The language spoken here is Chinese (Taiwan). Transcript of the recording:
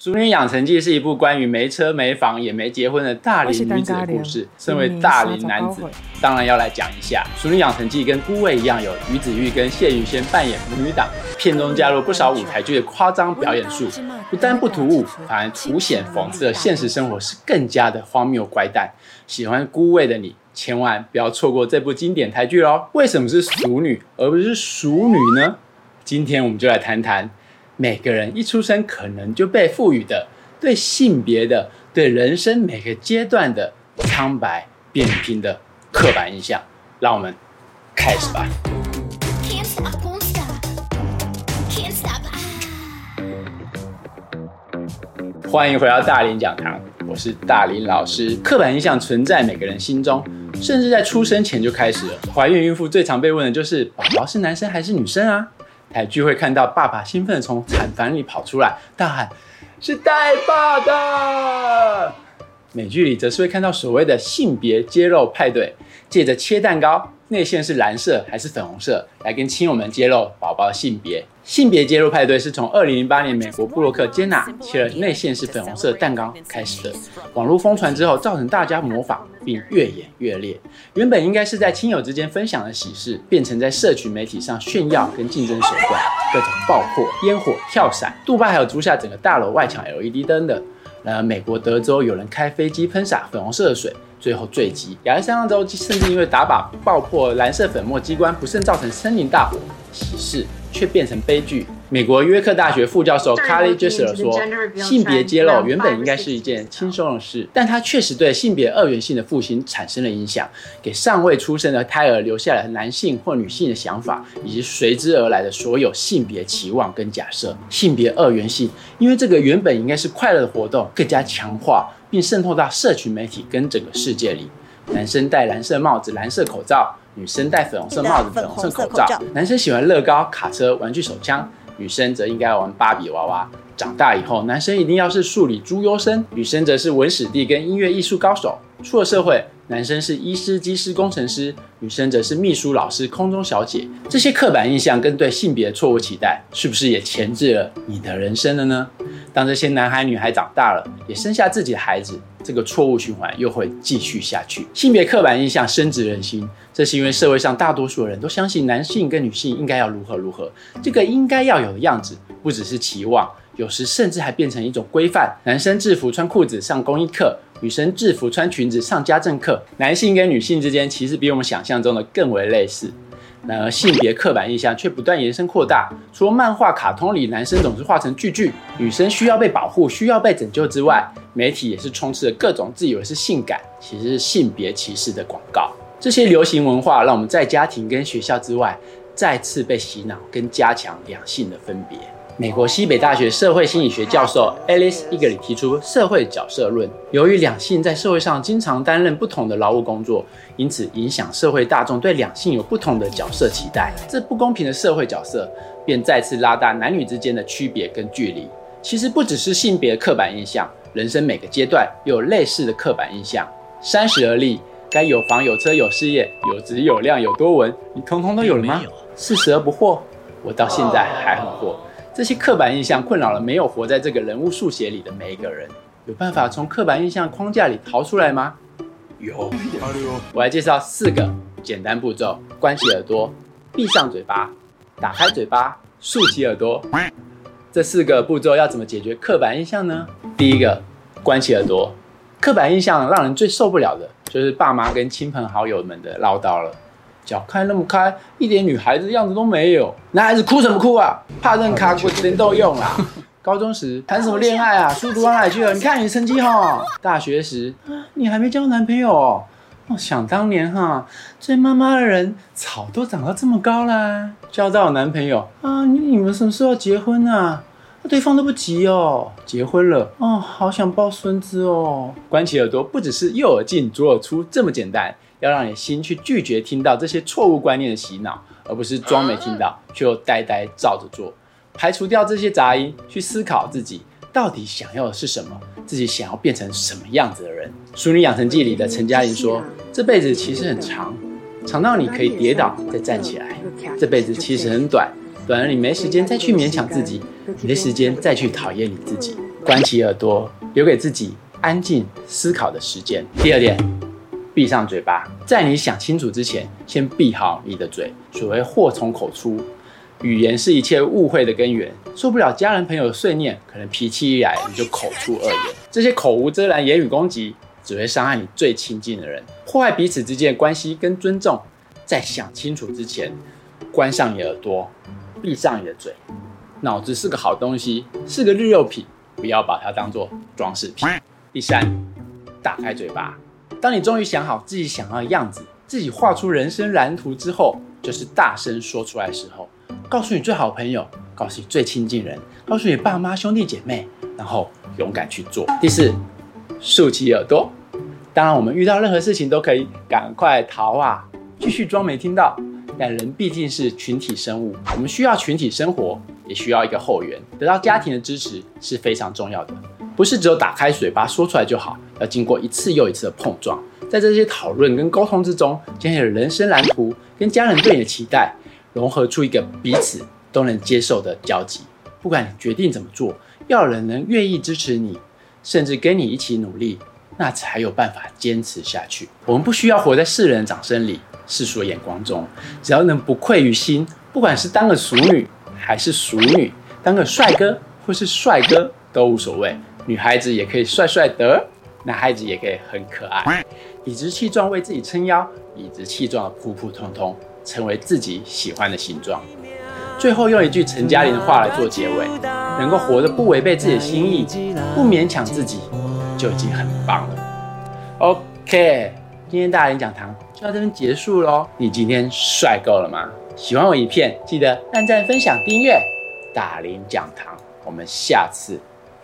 《俗女養成記》是一部關於沒車沒房也沒結婚的大齡女子的故事。身為大齡男子，當然要來講一下《俗女養成記》跟《孤味》一樣，有於子育跟謝盈萱扮演母女檔。片中加入不少舞台劇的誇張表演術，不但不突兀，反而凸顯諷刺了現實生活是更加的荒謬乖誕。喜歡《孤味》的你，千萬不要錯過這部經典台劇嘍！為什麼是俗女而不是淑女呢？今天我們就來談談。每個人一出生，可能就被賦予的對性別的、對人生每個階段的蒼白、扁平的刻板印象。讓我們開始吧。Can't stop, can't stop, uh, 歡迎回到大林講堂，我是大林老師。刻板印象存在每個人心中，甚至在出生前就開始了。懷孕孕婦最常被問的就是：寶寶是男生還是女生啊？台劇會看到爸爸興奮從產房裡跑出來，大喊“是帶把的”。美劇裡則是會看到所謂的性別揭露派對。借着切蛋糕內餡是藍色還是粉紅色來跟親友們揭露寶寶的性別，性別揭露派對是從2008年美國布洛克·傑納切了內餡是粉紅色蛋糕開始的。網絡瘋傳之後，造成大家模仿並越演越烈。原本應該是在親友之間分享的喜事，變成在社群媒體上炫耀跟競爭手段，各種爆破、煙火、跳傘、杜拜還有租下整個大樓外牆 LED 燈的。呃，美國德州有人開飛機噴灑粉紅色的水，最後墜機；亞利桑那州甚至因為打靶爆破藍色粉末機關，不慎造成森林大火。喜事卻變成悲劇。美國約克大學副教授 Carly Jesser 說：“性別揭露原本應該是一件輕鬆的事，但它確實對性別二元性的復興產生了影響，給尚未出生的胎兒留下了男性或女性的想法，以及隨之而來的所有性別期望跟假設。性別二元性，因為這個原本應該是快樂的活動，更加強化並滲透到社群媒體跟整個世界裡。男生戴藍色帽子、藍色口罩，女生戴粉紅色帽子、粉紅色口罩。男生喜歡樂高、卡車、玩具手槍。”女生則應該玩芭比娃娃，長大以後男生一定要是數理資優生，女生則是文史地跟音樂藝術高手。出了社會，男生是醫師、機師、工程師，女生則是秘書、老師、空中小姐。這些刻板印象跟對性別的錯誤期待，是不是也鉗製了你的人生了呢？當這些男孩女孩長大了，也生下自己的孩子，這個錯誤循環又會繼續下去。性別刻板印象深植人心，這是因為社會上大多數的人都相信男性跟女性應該要如何如何，這個應該要有的樣子，不只是期望，有時甚至還變成一種規範。男生制服穿褲子上工藝課，女生制服穿裙子上家政課。男性跟女性之間，其實比我們想象中的更為類似。然而，性別刻板印象卻不斷延伸擴大。除了漫畫、卡通裡男生總是畫成巨巨，女生需要被保護、需要被拯救之外，媒體也是充斥着各種自以為是性感，其實是性別歧視的廣告。這些流行文化讓我們在家庭跟學校之外，再次被洗腦跟加強兩性的分別。美國西北大學社會心理學教授 Alice Eagly 提出社會角色論。由於兩性在社會上經常擔任不同的勞務工作，因此影響社會大眾對兩性有不同的角色期待。這不公平的社會角色，便再次拉大男女之間的區別跟距離。其實不只是性別的刻板印象，人生每個階段又有類似的刻板印象。三十而立，該有房有車有事業，有子有量有多文，你通通都有了嗎？四十而不惑，我到現在還很惑。這些刻板印象困擾了沒有活在這個人物速寫裡的每一個人。有辦法從刻板印象框架裡逃出來嗎？有，我來介紹四個簡單步驟：關起耳朵，閉上嘴巴，打開嘴巴，豎起耳朵。這四個步驟要怎麼解決刻板印象呢？第一個，關起耳朵。刻板印象讓人最受不了的就是爸媽跟親朋好友們的嘮叨了。腳開那麼開，一點女孩子的樣子都沒有。男孩子哭什麼哭啊？怕人卡鬼神都用啊。 高中時談什麼戀愛啊？書讀到哪去了？你看你成績哈。 大學時、啊，你還沒交男朋友哦。我想當年哈，追媽媽的人草都長到這麼高啦、啊、交到男朋友啊？你你們什麼時候結婚啊,啊？對方都不急哦。結婚了哦、啊，好想抱孫子哦。關起耳朵，不只是右耳進左耳出這麼簡單。要讓你的心去拒絕聽到這些錯誤觀念的洗腦，而不是裝沒聽到卻又呆呆照着做，排除掉這些雜音，去思考自己到底想要的是什麼，自己想要變成什麼樣子的人。《俗女養成記》裡的陳嘉玲說：“這輩子其實很長，長到你可以跌倒再站起來；這輩子其實很短，短得你沒時間再去勉強自己，沒時間再去討厭你自己。關起耳朵，留給自己安靜思考的時間。”第二點。閉上嘴巴，在你想清楚之前，先閉好你的嘴。所謂禍從口出，語言是一切誤會的根源。受不了家人朋友的碎念，可能脾氣一來你就口出惡言。這些口無遮攔、言語攻擊，只會傷害你最親近的人，破壞彼此之間的關係跟尊重。在想清楚之前，關上你耳朵，閉上你的嘴。腦子是個好東西，是個日用品，不要把它當做裝飾品。第三，打開嘴巴。當你終於想好自己想要的樣子，自己畫出人生藍圖之後，就是大聲說出來的時候，告訴你最好朋友，告訴你最親近人，告訴你爸媽、兄弟姐妹，然後勇敢去做。第四，豎起耳朵。當然，我們遇到任何事情都可以趕快逃啊，繼續裝沒聽到。但人畢竟是群體生物，我們需要群體生活，也需要一個後援，得到家庭的支持是非常重要的。不是只有打開嘴巴，說出來就好，要經過一次又一次的碰撞，在這些討論跟溝通之中，將你的人生藍圖跟家人對你的期待融合出一個彼此都能接受的交集。不管你決定怎麼做，要有人能願意支持你，甚至跟你一起努力，那才有辦法堅持下去。我們不需要活在世人的掌聲裡、世俗的眼光中，只要能不愧於心。不管是當個俗女還是熟女，當個帥哥或是帥哥都無所謂。女孩子也可以帥帥的，男孩子也可以很可愛，理直氣壯為自己撐腰，理直氣壯的普普通通，成為自己喜歡的形狀。最後用一句陳嘉玲的話來做結尾：能夠活得不違背自己的心意，不勉強自己，就已經很棒了。OK，今天大林講堂就到這邊結束嘍。你今天帥夠了嗎？喜歡我影片，記得按讚、分享、訂閱大林講堂。我們下次。